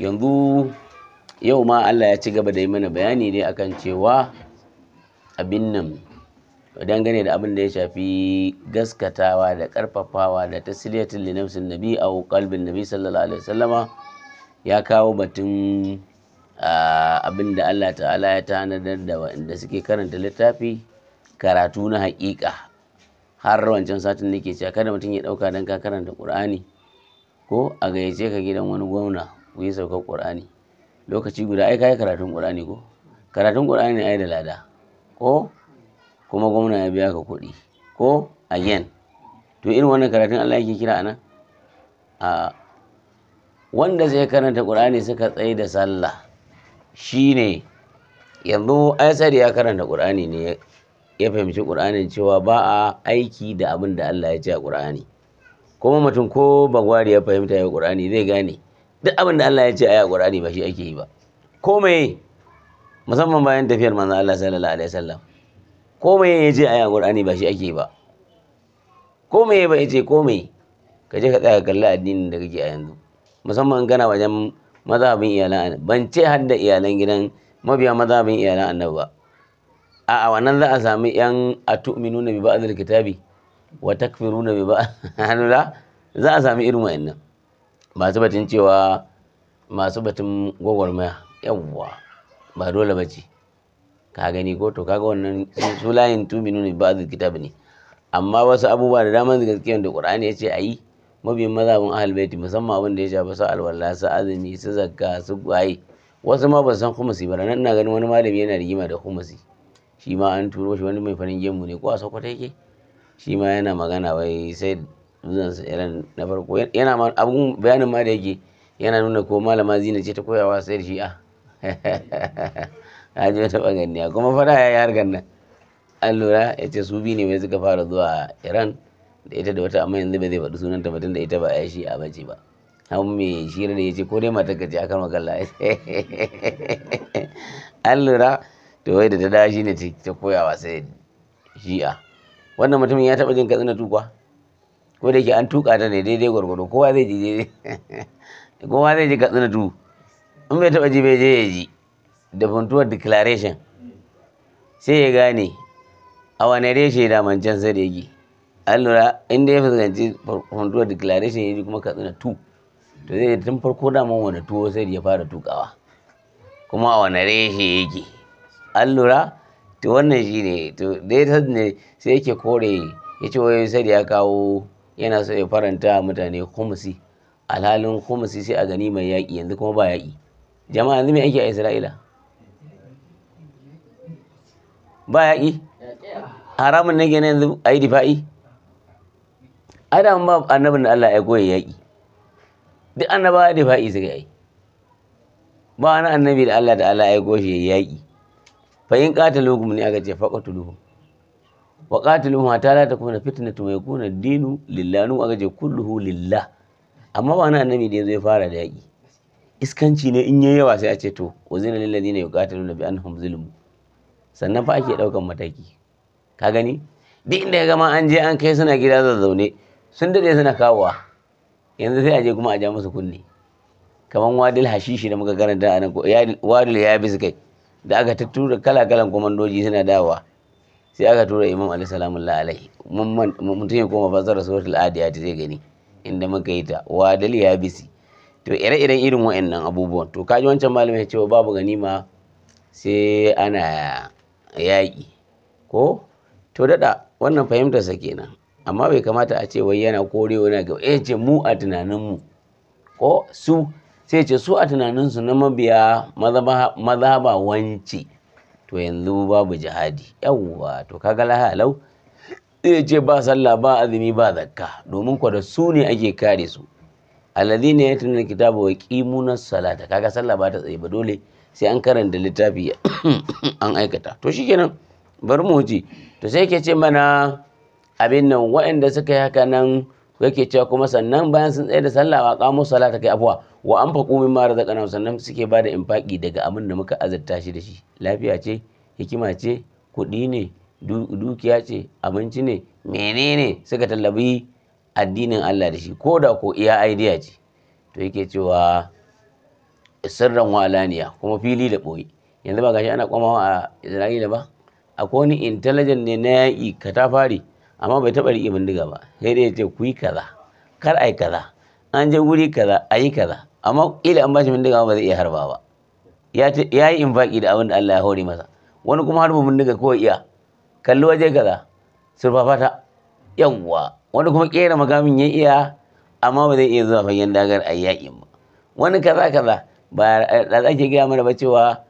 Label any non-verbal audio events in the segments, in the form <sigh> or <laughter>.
yanzu yau ma Allah ya ci gaba da yi mana bayani ne akan cewa abin nan dangane da abin da ya shafi gaskatawa da karfafawa da tasliyatin li nafsin nabi a kalbin nabi sallallahu alaihi wasallama ya kawo batun abin da Allah ta'ala ya tanadar da waɗanda suke karanta littafi karatu na haƙiƙa har wancan satin da ke cewa kada mutum ya ɗauka don ka karanta ƙur'ani ko a gayyace ka gidan wani gwamna ku yi saukar ƙur'ani lokaci guda ai kai karatun ƙur'ani ko karatun ƙur'ani ai da lada ko kuma gwamna ya biya ka kuɗi ko again to irin wannan karatun Allah yake kira anan a wanda zai karanta ƙur'ani suka tsaye da sallah shine yanzu asari ya karanta ƙur'ani ne ya fahimci ƙur'anin cewa ba a aiki da abin da Allah ya ce a ƙur'ani kuma mutum ko bagwari ya fahimta ya ƙur'ani zai gane duk abin da Allah ya ce aya Qur'ani ba shi ake yi ba ko meye musamman bayan tafiyar manzon Allah sallallahu alaihi wasallam ko meye ya ce aya Qur'ani ba shi ake yi ba ko meye ba ya ce ko meye ka je ka tsaya ka kalli addinin da kake a yanzu musamman kana wajen mazhabin iyalan ban ce har da iyalan gidan mabiya mazhabin iyalan annabi ba a'a wannan za a sami yan na bi ba'dil kitabi wa takfiruna bi ba'd <laughs> za a sami irin wa'annan masu batun cewa masu batun gwagwarmaya yawwa ba dole ba ce ka gani ko to kaga wannan su layin tuminu ne ba kitab ne amma wasu abubuwa da daman gaskiya da qur'ani ya ce a yi mabiyin mazabin ahal baiti musamman abin da ya shafi su alwala su azumi su zakka su gwaye wasu ma ba san khumusi ba nan ina ganin wani malami yana rigima da khumusi shi ma an turo shi wani mai farin gemu ne ko a sokoto yake shi ma yana magana wai sai zuwansa iran na farko yana ma abun bayanin ma da yake yana nuna ko malama zina ce ta koyawa sai da shi'a <laughs> a ji wata baganiya kuma fara ya yi harkar nan an lura ya ce su biyu ne mai suka fara zuwa iran da ita da wata amma yanzu ba zai faɗi sunan ta batun da ita ba a shi a bace ba an mai shirin da ya ce ko dai matar ka ce kan makalla <laughs> an lura to wai da ta dawo shi ne ta koyawa sai shi'a wannan mutumin ya taɓa jin katsina tukwa ko da yake an tuka ta ne daidai gwargwado kowa zai ji daidai <laughs> kowa zai ji na tu in bai taba ji bai je ya ji da funtuwar declaration sai ya gane a wane reshe da mancan sai da yake an lura inda ya fuskanci funtuwar declaration ya ji kuma na tu to zai tun farko da man wani tuwo sai ya fara tukawa kuma a wane reshe yake an lura to wannan shi ne to dai ta ne sai yake kore ya ce wai sai ya kawo yana so ya faranta mutane kumusi alhalin kumusi sai a gani mai yaƙi yanzu kuma ba yaƙi jama'a yanzu me aiki a isra'ila ba yaƙi haramun ne gina yanzu a yi difa'i adam ba annabin da Allah ya goye yaƙi duk ya difa'i su yi ba wani annabi da Allah da Allah ya goye yaƙi fa in qataluhum ne aka ce faqatuluhum wa qatiluhum hatta la takuna fitnatun wa yakuna ad-dinu lillahi nu agaje kulluhu lillah amma ba nan annabi da yazo ya fara da yaki iskanci ne in yayi yawa sai a ce to uzina lil ladina yuqatiluna bi annahum zulmu sannan fa ake daukan mataki ka gani duk inda ya gama an je an kai suna gida zaune sun dade suna kawowa yanzu sai a je kuma a ja musu kunne kamar wadil hashishi da muka karanta a nan wadil ya bi su da aka tattura kala-kalan kwamandoji suna dawa sai aka tura imam alaihi la'alai mutum ya koma fasara suratul adiyat zai gani inda muka yi ta wa dali ya bisi to ire-iren irin wa'annan abubuwan to kaji wancan malami ya ce babu ganima sai ana yaƙi ko to dada wannan fahimtarsa kenan amma bai kamata a ce wai yana korewa yana gaba ya eh, ce mu a tunaninmu ko su sai ce su a tunaninsu na mabiya mazhaba wance to yanzu babu jihadi yawwa to kaga lahalau zai ce ba sallah ba azumi ba zakka domin kwa da su ne ake kare su alladhina yatluna kitaba wa qimuna salata kaga sallah ba ta tsaye ba dole sai an karanta littafi <coughs> an aikata to shikenan bari mu huce to sai yake ce mana abin nan waɗanda suka yi haka nan yake cewa kuma sannan bayan sun tsaye da sallah wa qamo salata kai afwa wa anfaqu mimma razaqnahum sannan suke ba da infaki daga abin da muka azurta shi da shi lafiya ce hikima ce kuɗi ne dukiya ce abinci ne menene suka tallabi addinin Allah da shi ko da ko iya idea ce to yake cewa sirran walaniya kuma fili da ɓoye yanzu ba gashi ana kwamawa a Isra'ila ba akwai wani intelligent ne na yaƙi katafari amma bai taɓa riƙe bindiga ba sai dai ya ce ku yi kaza kar a yi kaza an je wuri kaza a yi kaza amma ila an bashi bindiga ba zai iya harba ba ya yi infaki da abin da Allah ya hore masa wani kuma harba bindiga ko iya kalli waje kaza surfafa ta yawwa wani kuma ƙera makamin ya iya amma ba zai iya zuwa fagen dagar a yaƙin ba wani kaza kaza ba da ake gaya mana ba cewa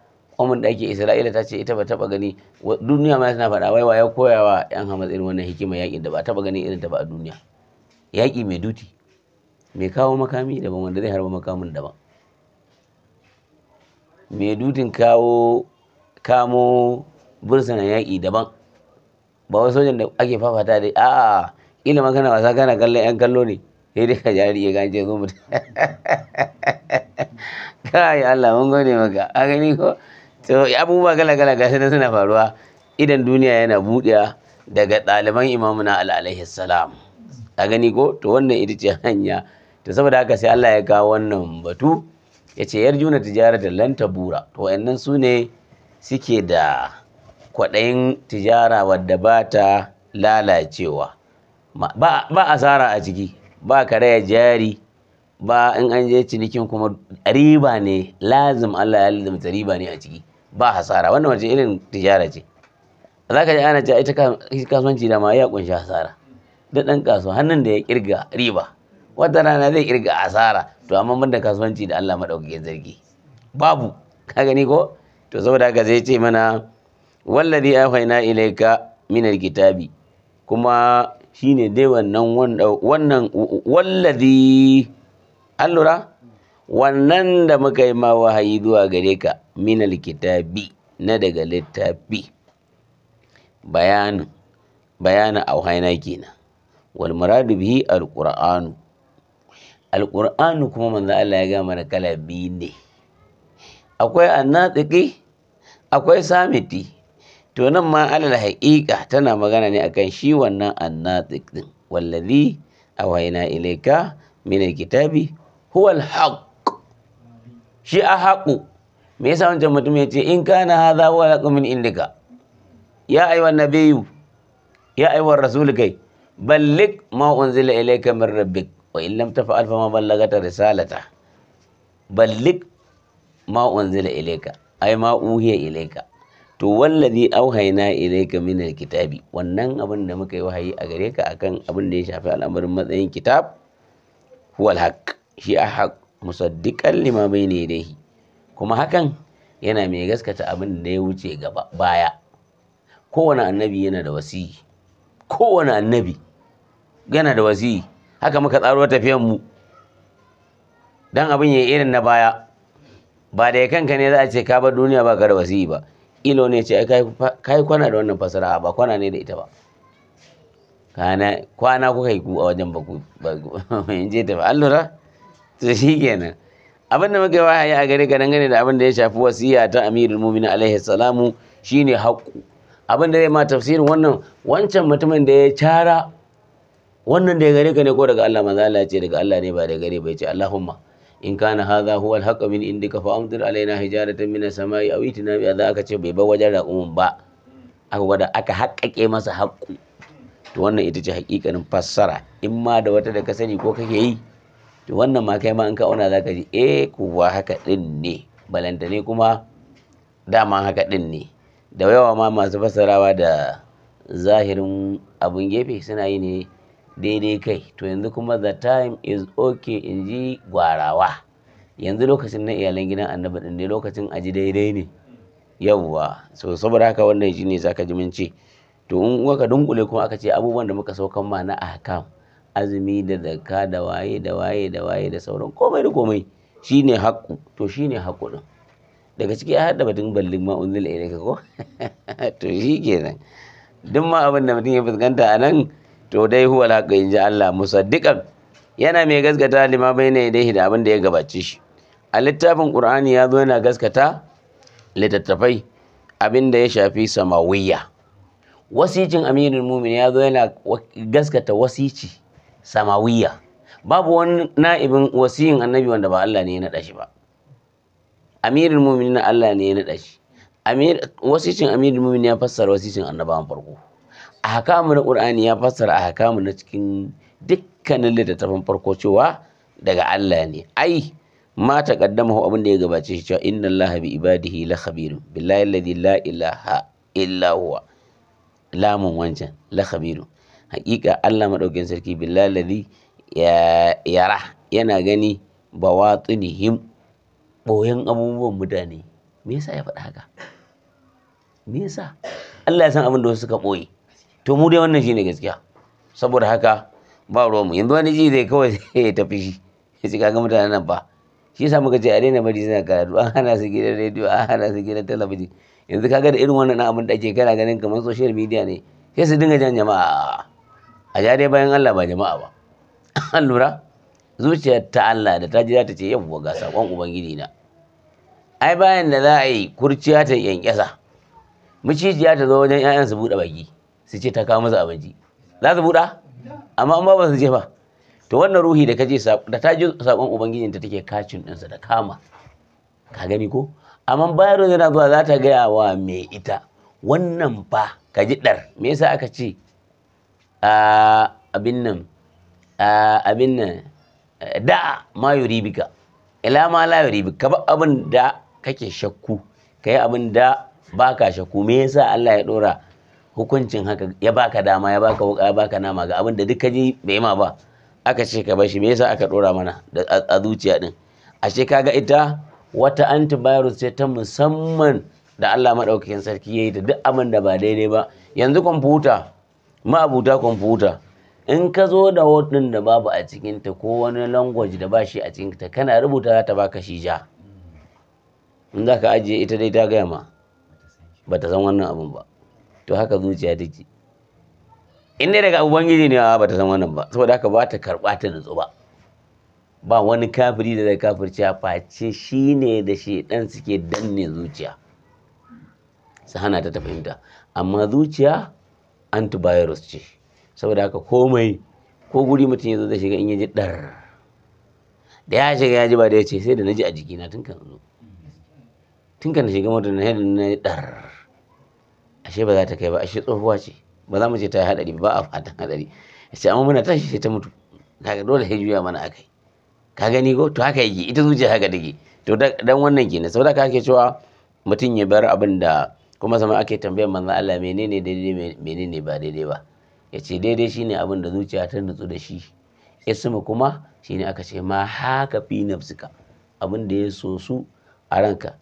kwamin da ake isra'ila ta ce ita ba taba gani duniya ma suna faɗa wai ya koya wa yan hamas irin wannan hikima yaƙin da ba taba gani irin ta ba a duniya yaƙi mai duti mai kawo makami daban wanda zai harba makamin daban mai dutin kawo kamo bursunan yaƙi daban ba wai sojan da ake fafata da a ila magana wasa kana kallon yan kallo ne sai dai ka jari ya gance zo mutum <laughs> kai Allah mun gode maka a gani ko so abubuwa gala gala ga nan suna faruwa idan duniya yana buɗewa daga ɗaliban imamuna alalaihi salam a gani ko to wannan ita ce hanya to saboda haka sai Allah ya kawo wannan batu ya ce yar juna tijara da ta bura to wayannan su ne suke da kwaɗayin tijara wadda ba ta lalacewa ba asara a ciki ba karaya jari ba in an je cinikin kuma riba ne lazim Allah ya lazimta riba ne a ciki ba hasara wannan waje irin tijara ce za ka ji ana ce ita kasuwanci da ma ya kunshi hasara da ɗan kasuwa hannun da ya kirga riba wata rana zai kirga hasara, to amma ban da kasuwanci da Allah madaukakin zargi babu ka gani ko to saboda haka zai ce mana wallazi afaina ilaika min alkitabi kuma shine dai wannan wannan allura wannan da muka yi ma wahayi zuwa gare ka minal kitabi na daga littafi bayanin bayanin auhaina kenan wal muradu bihi alqur'anu alqur'anu kuma manzo Allah ya gama da kala biyu ne akwai annatsiki, akwai samiti to nan ma alal haqiqa tana magana ne akan shi wannan annatiq wallazi auhaina ilayka min alkitabi huwa alhaq shi a haƙu me yasa wancan mutum ya ce in kana hadha wa laqamin indika ya ayyuhan Nabiyu. ya ayyuhan rasul kai balligh ma unzila ilayka min rabbik wa in lam taf'al fa ma ballagata risalata ballik ma unzila ilayka ai ma uhiya ilayka to wallazi auhaina ilayka min alkitabi wannan abin da muka yi wahayi a gare ka akan abin da ya shafi al'amarin matsayin kitab huwal haq shi a haq musaddiqan lima bayna dai kuma hakan yana mai gaskata abin da ya wuce gaba baya kowane annabi yana da wasi kowane annabi yana da wasi haka muka tsaro tafiyan mu dan abin ya irin na baya ba da kanka ne za a ce ka bar duniya ba ka da wasiyi ba ilo ne ce kai kwana da wannan fasara ba kwana ne da ita ba kwana kuka yi ku a wajen ba ku <laughs> je ta ba allura to shi kenan abin da muka yi a gare ka dangane da abin da ya shafi wasiya ta amirul mumin alaihi salamu shine haƙƙu abin da zai ma tafsirin wannan wancan mutumin da ya cara wannan da ya gare ka ne ko daga Allah manzo Allah ce daga Allah ne ba da gare ba ya ce Allahumma in kana hadha huwa al min indika fa amtir alaina hijaratan min as-sama'i aw itina bi adha aka ce bai bar wajen raƙumin ba aka gwada aka hakkake masa haƙƙu to wannan ita ce haƙiƙanin fassara in ma da wata da ka sani ko kake yi to wannan ma kai ma in ka auna za ka ji e kuwa haka din ne balantane kuma dama haka din ne da yawa ma masu fassarawa da zahirin abun gefe suna yi ne daidai kai to yanzu kuma the time is okay in ji gwarawa yanzu lokacin na iyalan gidan annabi ɗin ne lokacin a ji daidai ne yawwa so saboda haka wannan za zaka ji mun to in ka dunkule kuma aka ce abubuwan da muka saukan ma na ahkam azumi da zakka da waye da waye da waye da sauran komai da komai shine haƙƙu to shine haƙƙu din daga ciki ya haɗa batun ballin ma unzila ilayka ko <laughs> to shi kenan duk ma abin da mutum ya fuskanta a nan to dai huwa alhaqqu inji Allah musaddiqan yana mai gaskata lima bayna yadayhi da abin da ya gabace shi a littafin Qur'ani ya zo yana gaskata littattafai abin da ya shafi samawiyya wasicin aminul mumin ya zo yana gaskata wasici samawiya babu wani na'ibin wasiyin annabi wanda ba Allah ne ya naɗa shi ba amirul mu'minin Allah ne ya naɗa shi amir wasicin amirul mu'minin ya fassara wasicin annabawan farko a hakamu na qur'ani ya fassara hakamu na cikin dukkanin littattafan farko cewa daga Allah ne ai ma taqaddama abin da ya gabace shi cewa inna Allah bi ibadihi la khabir billahi alladhi la ilaha illa huwa lamun wancan la khabirun haƙiƙa Allah maɗaukin sarki billahi ya yara yana gani ba bawatinihim ɓoyen abubuwan mutane me yasa ya faɗa haka me yasa Allah ya san abin da wasu suka ɓoye to mu dai wannan shine gaskiya saboda haka ba ruwan mu yanzu wani ji zai kawai sai <laughs> ya tafi shi sai ga mutanen nan ba shi yasa muka ce a daina bari suna karatu an hana su gidan rediyo an hana su gidan talabijin yanzu kaga da irin wannan abin da ake kana ganin kamar social media ne sai su dinga jan jama'a a ja bayan Allah ba jama'a ba <laughs> an lura zuciyar ta Allah da ta ji ta ce yawwa ga sakon ubangiji na ai bayan da za a yi kurciya ta yankesa miciciya ta zo wajen 'ya'yan su buɗe baki su ce ta kawo musu abinci za su buɗa amma an ba ba su je ba to wannan ruhi da kaje da ta ji sakon ta take kacin ɗinsa da kama ka gani ko amma bayarwa yana zuwa za ta gaya wa mai ita wannan ba ka ji ɗar me yasa aka ce Ah, abin nan ah, abin nan eh, da ma yuribika ila ma la yuribika ka ba abin da kake shakku kai abin da baka shakku me yasa Allah ya dora hukuncin haka ya baka dama ya baka wuka ya baka nama ga abin da duk kaji bai ma ba aka ce ka bashi me yasa aka dora mana a zuciya din ashe kaga ita wata antivirus ce ta musamman da Allah madaukakin sarki yayi da duk abin da ba daidai ba yanzu kwamfuta ma'abuta kwamfuta in ka zo da word da babu a cikinta ko wani language da ba shi a cikinta kana rubuta za ta baka shi ja in za ka ajiye ita dai ta gaya ma ba ta san wannan abin ba to haka zuciya take in dai daga ubangiji ne ba ta san wannan ba saboda haka ba ta karɓa ta nutsu ba ba wani kafiri da zai kafirci a face shi ne da shi dan suke danne zuciya su hana ta ta fahimta amma zuciya antivirus ce saboda haka komai ko guri mutum ya zo da shiga in yaji dar da ya shiga ya ji ba da ya ce sai da na ji a jikina tun kan zo tun kan shiga mutum na yadda na ji dar ashe ba za ta kai ba ashe tsohuwa ce ba za mu ce ta yi hadari ba a fatan hadari ce amma muna tashi sai ta mutu kaga dole sai juya mana akai ka gani ko to haka yake ita zuciya haka take to dan wannan kenan saboda haka ake cewa mutum ya bar abin da kuma zama ake tambayar manzan Allah menene daidai menene ba daidai ba yace daidai shine abin da zuciya ta nutsu da shi ismu kuma shine aka ce ma haka fi nafsika abin da ya so su a ranka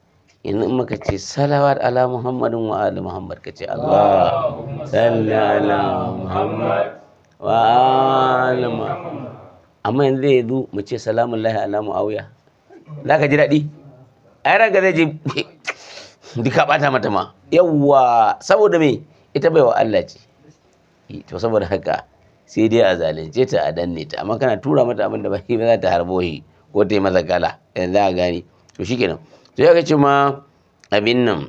in muka ce salawat ala muhammadin wa ali muhammad kace Allah salli ala muhammad wa ali muhammad amma yanzu zai zo mu ce salamun lahi ala muawiya ka ji daɗi ai ranka zai ji duk bata mata ma yawwa saboda me ita baiwa Allah ce to saboda haka sai dai a zalunce ta a danne ta amma kana tura mata abin da baki ba za ta harbo shi ko ta yi masa gala idan za a gane to shikenan to ya ce ma abin nan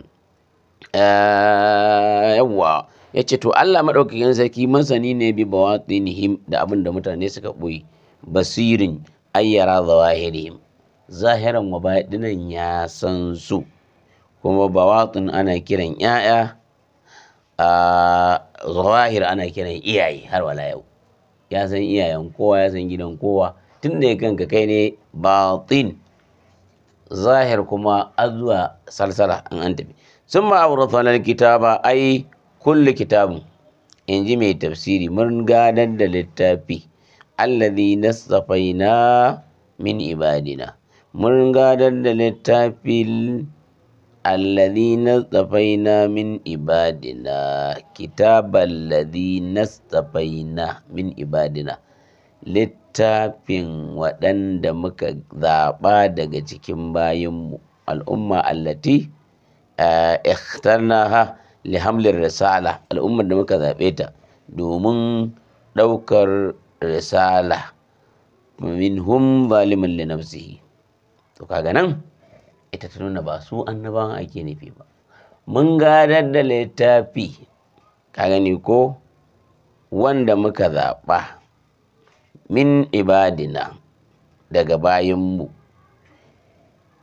eh, yawwa ya ce to Allah maɗaukakin sarki masani ne bi bawatinihim da abin da mutane suka buyi. basirin ayyara zawahirihim zahiran wa ya san su kuma bawatin ana kiran ‘ya'ya a zawahir ana kiran iyaye har wala yau ya san iyayen kowa ya san gidan kowa tun da kanka kai ne batin zahir kuma azuwa salsala an an tafi sun ma'auratunan kitaba ai kulli kitabun in ji mai tafsiri mun gadar da littafi allazi nastafaina min ibadina mun gadar da littafin alladhi اصطفينا من عبادنا كتاب الذين اصطفينا littafin waɗanda muka zaɓa daga cikin bayanmu al'umma allati ikhtarnaha li hamlin risala al'ummar da muka zaɓe ta domin ɗaukar risala minhum zalimin li nafsihi to kaga nan ita ta nuna ba su annabawan ake nufi ba mun gadar da littafi ka gani ko wanda muka zaɓa min ibadina daga bayanmu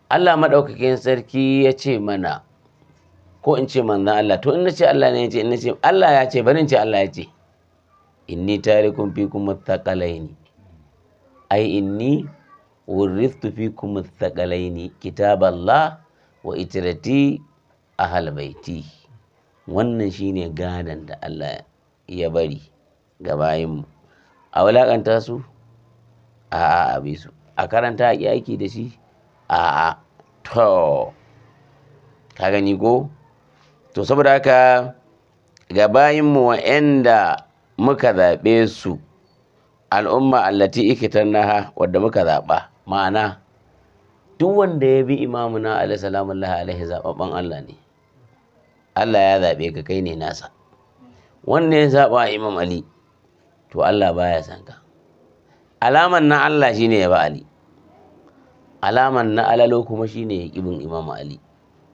Allah maɗaukakin sarki ya ce mana ko in ce manzan Allah to in na ce Allah ne ya ce in nace ce Allah ya ce bari in ce Allah ya ce inni tarikun fi kuma ai inni wurriftu fikum kitabar kitaballah wa itrati ahal baiti wannan shine gadan da Allah ya bari ga bayinmu. a wulakanta su a a abi su a karanta a yaki da shi a a to ka gani ko to saboda haka ga bayin mu wa'anda muka zaɓe su al'umma allati ikitannaha wadda muka zaɓa ma'ana duk wanda ya bi imamuna alaihi salamu alaihi zababban Allah ne Allah ya zaɓe ka kai ne nasa wanda ya zaɓa imam Ali to Allah baya san ka alaman na Allah shi ne ya ba Ali alaman na alalo kuma shi ne ya ƙibin imam Ali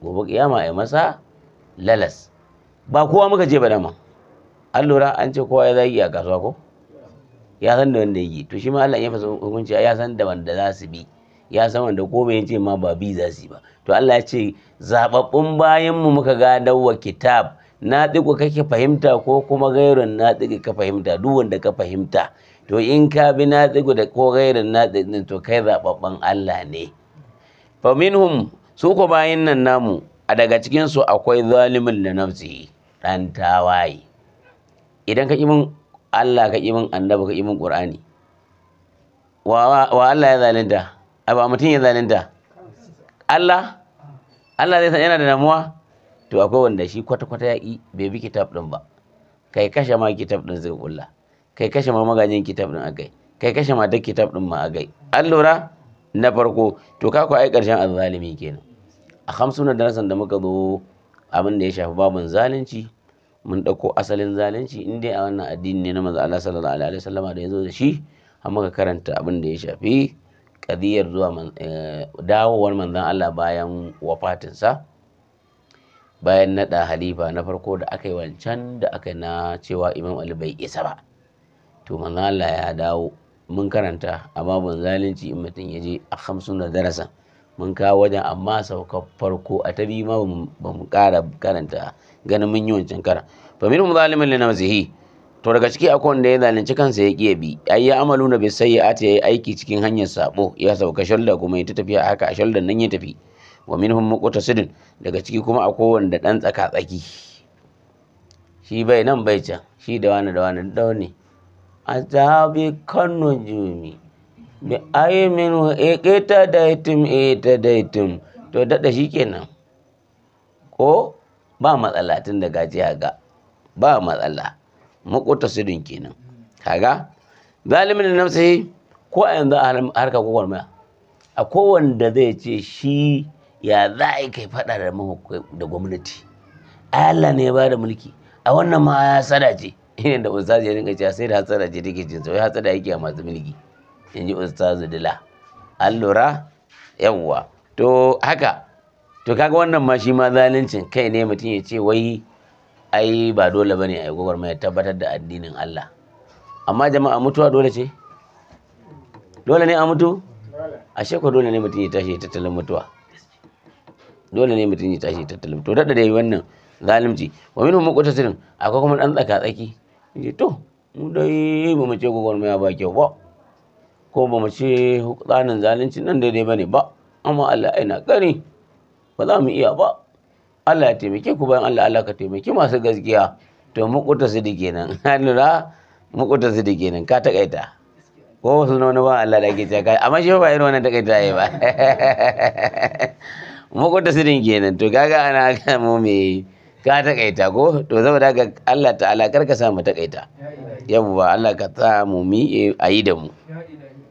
gobe ƙiyama ya masa lalas ba kowa muka je ba dama an lura an ce kowa ya zagi a kasuwa ko ya san da wanda yake to shi ma Allah ya fasa hukunci ya san da wanda za su bi ya san wanda ko bai ce ma ba bi za su ba to Allah ya ce zababbun bayan mu muka ga dawwa kitab na diku kake fahimta ko kuma gairun na diku ka fahimta duk wanda ka fahimta to in ka bi na diku da ko gairun na diku to kai zababban Allah ne fa minhum su ko bayan nan namu a daga cikin su akwai zalimin da nafsi dan tawaye idan ka ki mun Allah ka imin annabi ka imin qur'ani wa Allah ya zalinta ai ba mutum ya zalinta Allah Allah zai san yana da namuwa. to akwai wanda shi kwata kwata ya yi bai bi kitab din ba kai kashe ma kitab din zai kulla kai kashe ma magajin kitab din akai kai kashe ma duk kitab din ma akai an lura na farko to ka ku ai karshen azzalimi kenan a hamsin darasan da muka zo abin da ya shafi babun zalunci mun ɗauko asalin zalunci in dai a wannan addini ne na manzo Allah sallallahu alaihi wasallama da yazo da shi har muka karanta abin da ya shafi kadiyar zuwa eh, dawowar manzon Allah bayan wafatinsa bayan naɗa halifa na farko da aka yi wancan da aka na cewa imam ali bai isa ba to manzon Allah ya dawo mun karanta a babun zalunci in mutum ya je a hamsin da darasa mun kawo wajen amma saukar farko a ta biyu ma ba mu ƙara karanta ganin mun yi wancan kara fa min zalimin li nafsihi to daga ciki akwai wanda ya zalunci kansa ya ƙi bi Ya ya amalu na ya sayyi'ati yi aiki cikin hanyar sabo ya sauka shalda kuma ya a haka a shaldan nan ya tafi wa minhum muqtasidin daga ciki kuma a wanda dan tsaka tsaki shi bai nan bai can shi da wani da wani da wani azabi kanu jumi bi ayi da itim daitum e da itim to shi kenan ko ba matsala tun da gaji ga ba matsala makota sidin kenan kaga zalimin nafsihi ko a yanzu a harka kokon mai a da zai ce shi ya za a yi kai fada da da gwamnati Allah ne ya ba da mulki a wannan ma ya sadace ina da wasa ya ringa cewa sai da hasada ce take jin sai hasada yake a masu mulki in ji ustazu dila an lura yawwa to haka to kaga wannan ma shi ma zaluncin kai ne mutum ya ce wai ai ba dole bane ai gwagwarmaya tabbatar da addinin Allah amma jama'a mutuwa dole ce dole ne a mutu ashe ko dole ne mutum ya tashi tattalin mutuwa dole ne mutum ya tashi tattalin mutuwa dada dai wannan zalunci wa minhum muqtasirin akwai kuma dan tsaka tsaki to mu dai ba mu ce gwagwarmaya ba kyau ba ko ba mu ce hukɗanin zalunci nan daidai bane ba amma Allah na kari ba za mu iya ba Allah ya taimake ku bayan Allah Allah ka taimake masu gaskiya to mukuta su dige nan <laughs> lura mukuta su dige nan ka takaita ko wasu wani ba Allah da ke tsaka amma shi ba irin wannan takaita yayi ba <laughs> mukuta su dige nan to kaga ana ga mu me ka takaita ko to saboda ga Allah ta'ala kar ka sa mu takaita ba Allah ka sa mu mi ayi da mu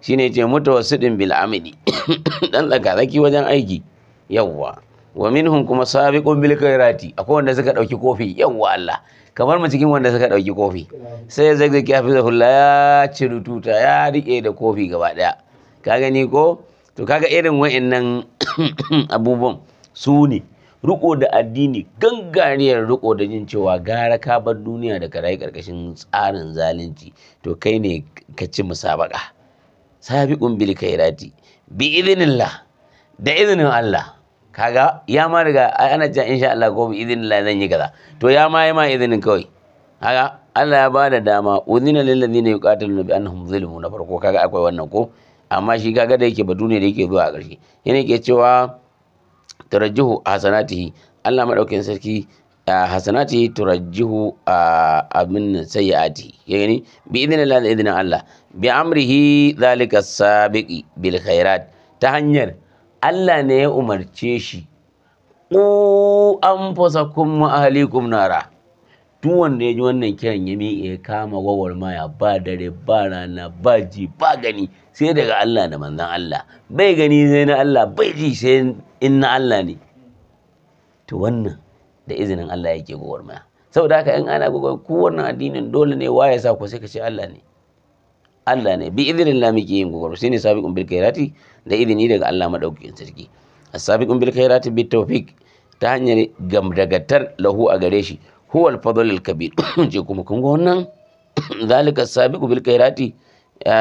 shine ce mutawassidin bil amidi <coughs> dan tsakatsaki wajen aiki yawwa wa minhum kuma sabiqun bil khairati akwai wanda suka dauki kofi yawwa Allah kamar mu cikin wanda suka dauki kofi sai zagzag ya fi zahulla ya ci rututa ya rike da kofi gaba daya ka gani ko to kaga irin wa'annan <coughs> abubuwan su ne riko da addini gangariyar riko da jin cewa gara ka bar duniya da karai rayu karkashin tsarin zalunci to kai ne ka ci musabaka sabiqun bil khairati bi idnillah da izinin Allah kaga ya ma ai ana cewa insha Allah ko bi idnillah zan yi kaza to ya ma yi ma izinin kawai kaga Allah ya bada dama udhina lil ladina yuqatiluna bi annahum zulmun na farko kaga akwai wannan ko amma shi kaga da yake batu ne da yake zuwa a ƙarshe yana ke cewa tarajjuhu hasanatihi Allah madaukin sarki hasanatihi turajjihu abin sayyati ya bi idnillah da izinin Allah bi amrihi zalika sabiqi bil khairat ta hanyar Allah ne ya umarce shi ku anfusakum wa ahlikum nara duk wanda ya ji wannan kiran ya miƙe ya kama wawar maya ba dare ba rana ba ji ba gani sai daga Allah da manzon Allah bai gani sai na Allah bai ji sai in Allah ne to wannan da izinin Allah yake gwagwarmaya saboda haka in ana gwagwarmaya ko wannan addinin dole ne waye sa ku sai ka ce Allah ne Allah ne bi idinin la muke yin gogoro shine sabiqun bil khairati da idini daga Allah madaukakin sarki as-sabiqun bil khairati bi tawfiq ta hanyar gam dagatar lahu a gare shi huwa al-fadl al-kabir <coughs> je kuma kun ga wannan <coughs> zalika as-sabiqu bil khairati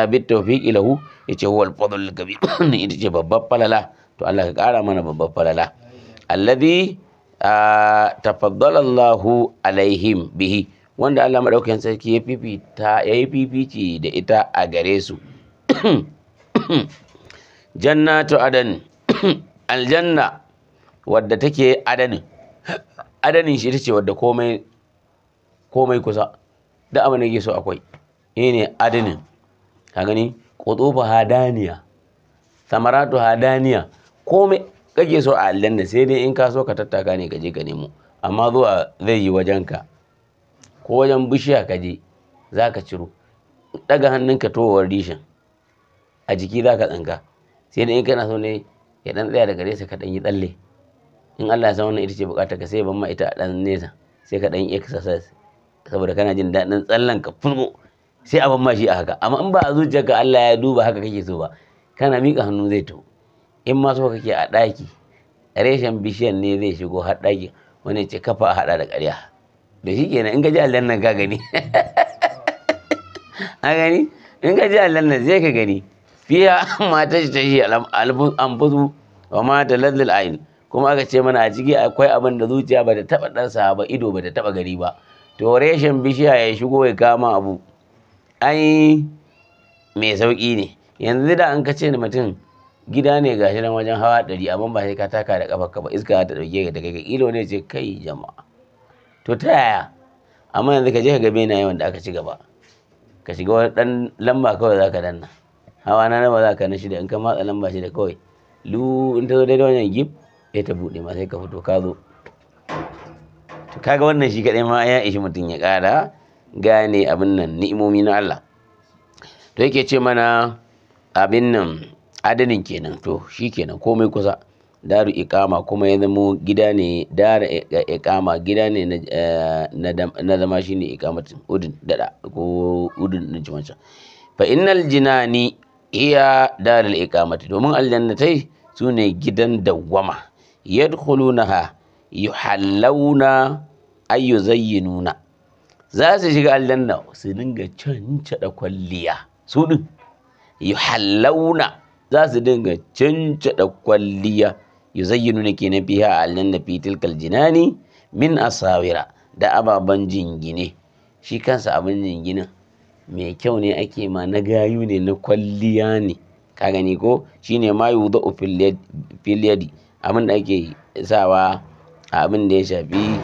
bi tawfiq lahu yace huwa al-fadl al-kabir <coughs> ita ce babbar falala to Allah ka kara mana babbar falala alladhi tafaddala Allahu alaihim bihi wanda Allah madaukakin sarki ya fifita ya yi fifici da ita a gare su <coughs> jannatu adan <coughs> aljanna wadda take adanin <coughs> adanin shi ce wadda komai komai kusa da abin da yake so akwai eh ne adanin ka gani qutufu hadaniya samaratu hadaniya komai kake so a aljanna sai dai in ka so ka tattaka ne ka je ka nemo amma zuwa zai yi wajenka ko wajen bishiya ka je za ka ciro daga ka towar rishin a jiki za ka tsanka sai da in kana so ne ya dan tsaya daga nesa ka dan yi tsalle in Allah ya san wannan ita ce bukatar ka sai ban ma ita a dan nesa sai ka dan yi exercise saboda kana jin daɗin tsallan ka fulmo sai a ban ma shi a haka amma in ba a ka Allah ya duba haka kake so ba kana miƙa hannu zai to in ma so kake a ɗaki reshen bishiyan ne zai shigo har ɗaki wani ce kafa a haɗa da ƙarya da shi kenan in ka ji allan nan ka gani <laughs> a gani in ka ji allan nan zai ka gani fiya <laughs> mata shi ta shi alfusu wa mata lalil ayin kuma aka ce mana a ciki akwai abin da zuciya ba ta taba ɗansa ba ido ba ta taba gari ba to reshen bishiya ya shigo ya kama abu ai mai sauƙi ne yanzu da an ka ce mutum gida ne gashi nan wajen hawa ɗari amma ba sai ka taka da ƙafarka ba iska ta ɗauke ka daga ilo ne ce kai jama'a to ta yaya amma yanzu ka je ka ga benaye wanda aka ci gaba ka shiga wani dan lamba kawai za ka danna hawa na nawa za ka na shida in ka matsa lamba shida kawai lu in ta zo daidai wannan gib sai ta buɗe ma sai ka fito ka zo to kaga wannan shi kaɗai ma ya ishi mutum ya ƙara gane abin nan ni'imomi na Allah to yake ce mana abin nan adadin kenan to shi kenan komai kusa daru ikama kuma ya zamo gida ne daru ikama gida ne na eh, zama shine iqamatin udin dada ko udin na jimansa fa innal jinani iya darul iqamati domin aljannatai ne gidan dawwama yadkhulunaha yuhallawna ay yuzayyinuna za su shiga aljanna su dinga cancada kwalliya su din yuhallawna za su dinga cancada kwalliya yuzayyinuna kenan fiha a fi tilkal jinani min asawira da ababen jingine shi kansa abin jinginin mai kyau ne ake ma na gayu ne na kwalliya ne ka gani ko shine ma yudau abin da ake sawa abin da ya shafi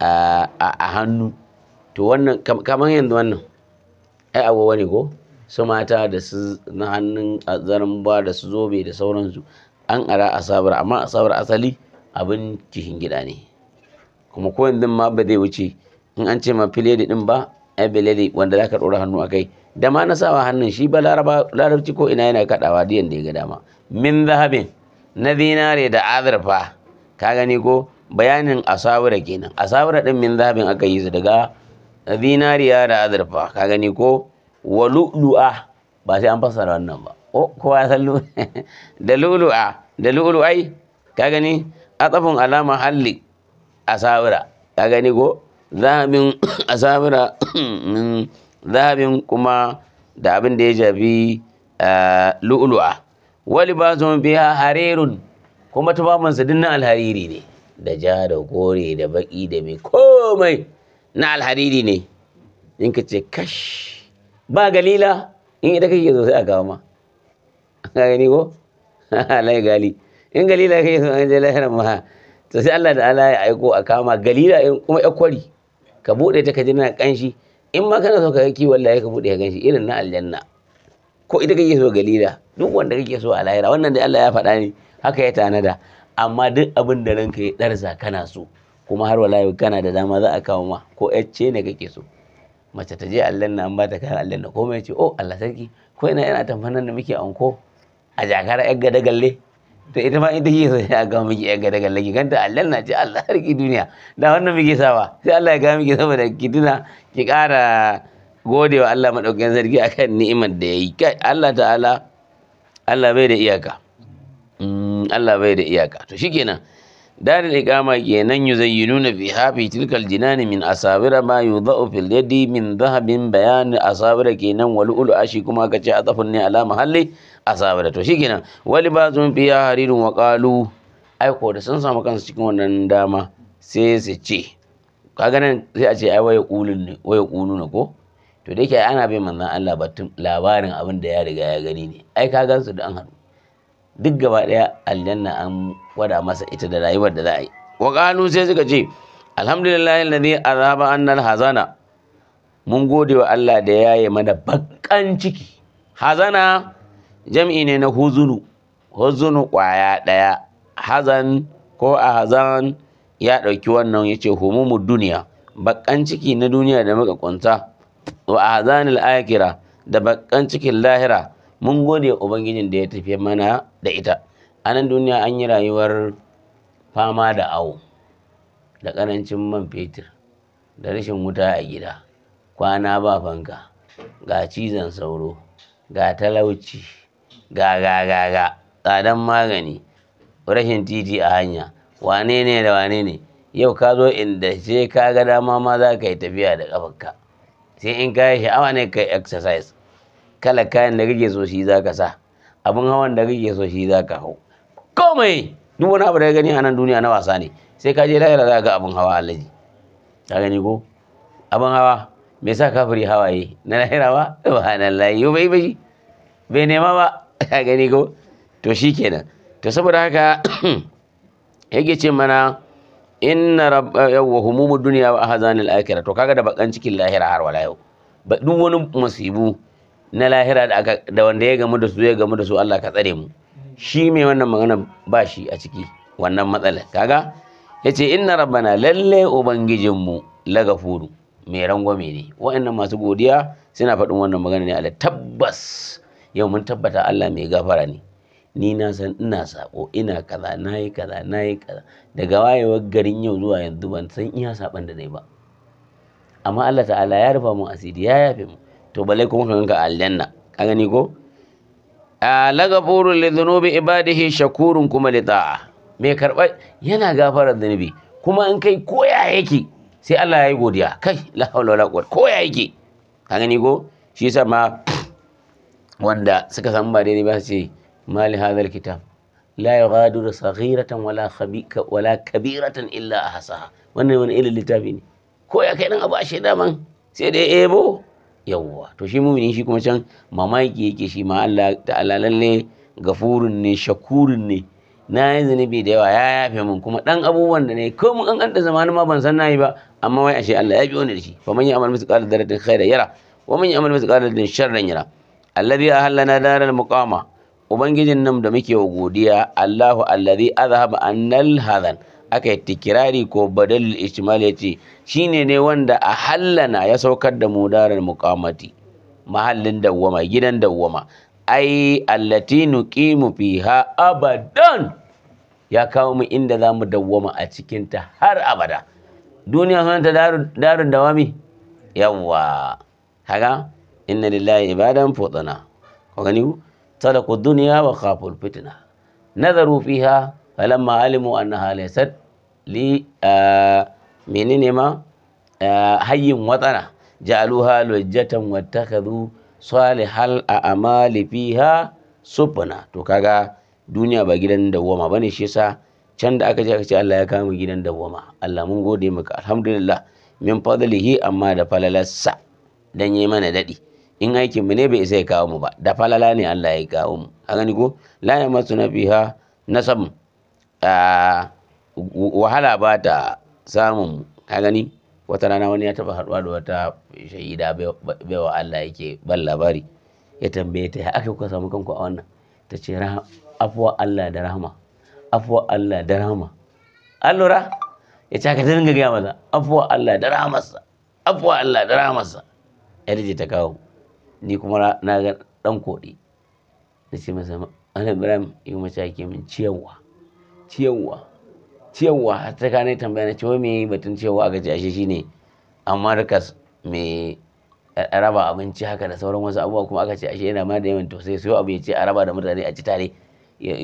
a hannu to wannan kamar yanzu wannan ai agogo ne ko su mata da su na hannun zaran ba da su zobe da sauransu an ara asabar amma asabar asali abin cikin gida ne kuma ko din ma ba zai wuce in an ce ma filedi din ba ai wanda wanda ka dora hannu a kai da ma na sawa hannun shi ba larabci ko ina yana kadawa diyan da ya ga dama min zahabin na zinare da azurfa ka gani ko bayanin asawura kenan asawura din min zahabin aka yi su daga zinariya da azurfa ka gani ko walulu'a ba sai an fassara wannan ba kowa san <laughs> da lulu'a da lulu'ai ka gani atsafin alama halli asawira ka gani ko zahabin <coughs> asawira <coughs> min zahabin kuma da abin da ya jabi lu'lu'a wali ba zuwa biya harerun kuma tufafinsa duk na alhariri ne da ja da gore da baki da mai komai na alhariri ne in ka ce kash ba galila in ita kake zo sai a kawo ma <laughs> ka gani ko <laughs> Allah ya gali in galila kai so an je lahiran ma to sai Allah da Allah ya aiko a kama galila in kuma ya kwari ka bude ta ka ji na kanshi in ma kana so ka ki wallahi ka bude ka ganshi irin na aljanna ko ita kake so galila duk wanda kake so a lahira wannan da Allah ya faɗa ne haka ya tanada amma duk abin da ranka ya darza kana so kuma har wallahi kana da dama za a kawo ma ko yace ne kake so mace ta je aljanna an ba ta kai aljanna ko mai ce oh Allah sarki ko ina yana tamfanan da muke anko a jakar yar gada galle to ita ma ita yi sai a ga miki yar gada galle ki Allah na ce Allah harki duniya da wannan miki sawa sai Allah ya ga miki saboda ki tuna ki kara gode wa Allah madaukakin sarki akan ni'imar da yayi kai Allah ta'ala Allah bai da iyaka mm, Allah bai da iyaka to shikenan دار الإقامة كينن يزينون فيها في تلك الجنان من أصابر ما يوضع في اليد من ذهب بيان أصابر كينن ولؤلؤ ce a كتش ne على محله A saba da to shikenan wali bazun fiya harirun wa qalu aiko da sun samu kansu cikin wannan dama sai su ce kaga nan sai a ce ai waya ƙulun ne ne ko to da yake ana bai manzan Allah batun labarin abin da ya riga ya gani ne ai ka gansu da an haɗu duk gaba daya aljanna an gwada masa ita da rayuwar da za a yi wa sai suka ce alhamdulillah alladhi azaba annal hazana mun gode wa Allah da ya yi mana bakan ciki hazana jam'i ne na huzunu huzunu ƙwaya ɗaya hazan ko a hazan ya ɗauki wannan ya ce humumu duniya baƙan ciki na duniya da muka kunta wa a hazanil da baƙan cikin lahira mun gode ubangijin da ya tafi mana da ita a nan duniya an yi rayuwar fama da awo da ƙarancin man fetur da rashin wuta a gida kwana ba fanka ga cizon sauro ga talauci ga ga ga ga tsadan magani rashin titi a hanya wane ne da wane ne yau ka zo inda sai ka ga dama ma za ka yi tafiya da ƙafarka sai in ka yi sha'awa ne ka yi exercise kala kayan da kake so shi za ka sa abin hawan da kake so shi za ka hau komai duk wani abu da gani a nan duniya na wasa ne sai ka je lahira za ka ga abin hawa alaji ka gani ko abin hawa me sa kafiri hawaye na lahira ba subhanallahi yau bai bai bai nema ba <laughs> ya gani ko to shi kenan to saboda haka <clears throat> yake ce mana inna rabba yawwa humumud dunya wa ahzanil akhirah to kaga da bakan cikin lahira har wala yau ba duk wani musibu na lahira da da wanda ya gamu da su ya gamu da su Allah ka tsare mu shi me wannan magana ba shi a ciki wannan matsala kaga yace inna rabbana lalle ubangijin ubangijinmu lagafuru mai rangwame ne wa'annan masu godiya suna faɗin wannan magana ne ala tabbas yau mun tabbata Allah mai gafara ne ni na san ina sako ina kaza nayi kaza nayi kaza daga wayewar garin yau zuwa yanzu ban san iya saban da nayi ba amma Allah ta'ala ya rufa mu asiri ya yafe mu to balai kuma kan ka aljanna ka gani ko la ghafurun li dhunubi ibadihi shakurun kuma li mai karɓar yana gafarar zunubi kuma in kai koya yake sai Allah ya yi godiya kai la hawla wala quwwata koya yake ka gani ko shi sa ma wanda suka samu ba daidai ba su ce mali hadal kitab la yughadiru saghiratan wala khabika wala kabiratan illa ahsaha wannan wani irin littafi ne ko ya kai dan abu ashe daman sai dai ebo yawwa to shi mumini shi kuma can mamaki yake shi ma Allah ta'ala lalle gafurun ne shakurun ne na yi zunubi da yawa ya yafe min kuma dan abubuwan da ne ko mun an kanta zamanin ma ban san nayi ba amma wai ashe Allah ya biyo ni da shi fa man ya'mal mithqala dharratin khairan yara wa man ya'mal mithqala dharratin sharran yara alladhi ahallana daral muqama ubangijin nan da muke godiya Allahu alladhi azhaba annal hadan aka tikirari ko badal ismal yace shine ne wanda ahallana ya saukar da mu daral muqamati mahallin dawwama gidan dawwama ai allati nuqimu fiha abadan ya kawo mu inda zamu dawwama a ta har abada duniya sunanta darun dawami yawwa kaga inna lillahi ibadan fotana ku gani talaku dunya wa khaful fitna nazaru fiha falamma alimu annaha laysat li menene ma hayyin watsana ja'aluha lujjatan wattakhadhu salihal a'mali fiha sufna to kaga duniya ba gidan dawwama bane shi yasa can da aka je aka ce Allah ya kama gidan dawwama Allah mun gode maka alhamdulillah min fadlihi amma da falalassa dan yi mana dadi in aikinmu ne bai isa ya kawo mu ba da falala ne Allah ya kawo mu a gani ko la ya masu na biha nasab wahala ba ta samun mu a gani wata rana wani ya taba haɗuwa da wata shahida baiwa Allah yake ban labari ya tambaye ta ya aka kuka samu kanku a wannan ta ce afuwa Allah da rahama afuwa Allah da rahama an lura ya ce aka ta dinga gaya masa afuwa Allah da rahamarsa afuwa Allah da rahamarsa ya ta kawo ni kuma na ga ɗan koɗi na ce masa an ibrahim yi mace ake min ciyarwa ciyarwa ciyarwa har ta kane tambaya na ce wai me batun ciyarwa a gaji ashe shine amma Kas me raba abinci haka da sauran wasu abubuwa kuma aka ce ashe yana ma da yawan to sai siyo abu ya ce a raba da mutane a ci tare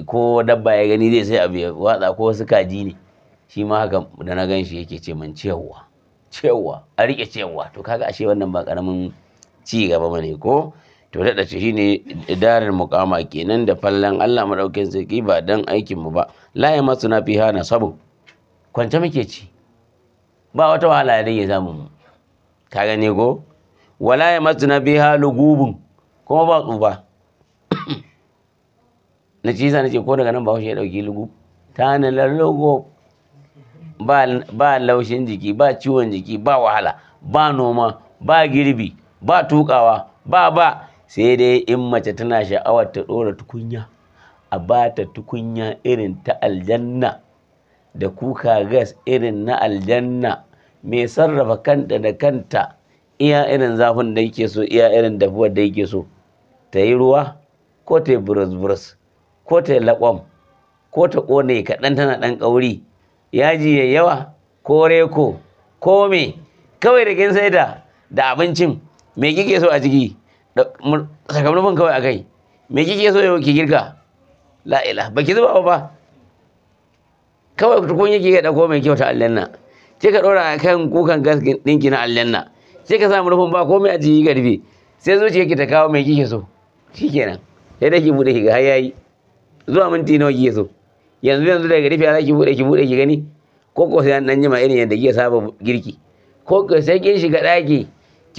ko dabba ya gani zai sai abu ya watsa ko wasu kaji ne shi ma haka da na gan shi yake ce min ciyarwa ciyarwa a riƙe ciyarwa to kaga ashe wannan ba ƙaramin ci gaba ba ne ko to da ce shine darar mukama kenan da fallan Allah maɗaukin sarki ba dan aikin mu ba la ya masu na fiha na sabu kwance muke ci ba wata wahala ya rage zamu mu ka gane ko wala ya masu na fiha lugubun kuma ba tsufa <coughs> na ci na ce ko daga nan ba ya ɗauki lugub ta na lalugo ba laushin jiki ba ciwon jiki ba wahala ba noma ba girbi ba tukawa ba ba sai dai in mace tana sha'awar ta dora tukunya a ba ta tukunya irin ta aljanna da kuka gas irin na aljanna mai sarrafa kanta da kanta iya irin zafin da yake so iya irin dafuwar da yake so ta yi ruwa ko ta yi buras-buras ko ta yi laƙwam ko ta ƙone kaɗan tana ɗan ƙauri yaji ya yawa ko reko ko me kawai da kin sai da abincin me kike so a ciki sakamakon kawai a kai me kike so yau ki girka La'ila. ba ki zuba ba kawai tukun yake ya dako mai kyau ta allanna ce ka dora kan kukan gas dinki na allanna ce ka samu rufin ba komai a jiki garbi sai zuciya ki ta kawo mai kike so shikenan sai da ki bude ki ga har yayi zuwa minti nawa kike so yanzu yanzu daga rufe za ki bude ki bude ki gani ko ko sai an yi jima irin yadda kike saba girki ko ko sai kin shiga daki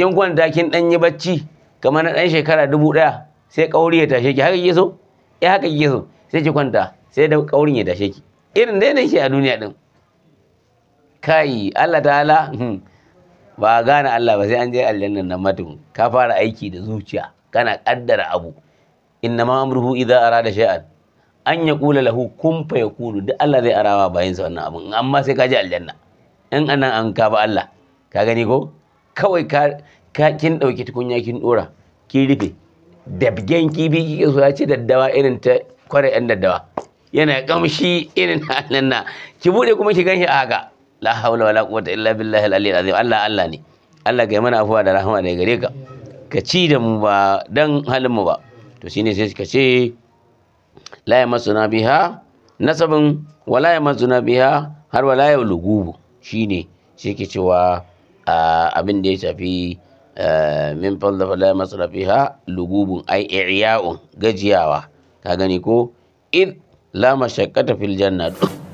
kin kwanta kin dan yi bacci kamar na dan shekara dubu ɗaya sai kauri ya tashe ki haka kike so eh haka kike so sai ki kwanta sai da kaurin ya tashe ki irin dai nan ke a duniya din kai Allah ta'ala hmm, ba gane Allah ba sai an je aljannan nan matu ka fara aiki da zuciya kana kaddara abu inna ma amruhu idza arada shay'an an ya kula lahu kun fa duk Allah zai arawa bayin sa wannan abun amma sai ka je aljanna in anan an ka ba Allah ka gani ko kawai ka kin ɗauki tukunya kin ɗora ki rufe dabgen kifi kike so ya ce daddawa irin ta kware yan daddawa yana kamshi irin nan na ki bude kuma ki ganshi a haka la haula wala quwwata illa billahi al-aliyyil azim Allah Allah ne Allah ga mana afuwa da rahama daga gare ka ka ci da mu ba dan halin mu ba to shine sai ka ce la yamasuna biha nasabun wala yamasuna biha har wala yau lugubu shine shi ke cewa abin da ya shafi min fadlafa la masrafiha lugubun ai i'ya'un gajiyawa ka gani ko id la mashaqqata fil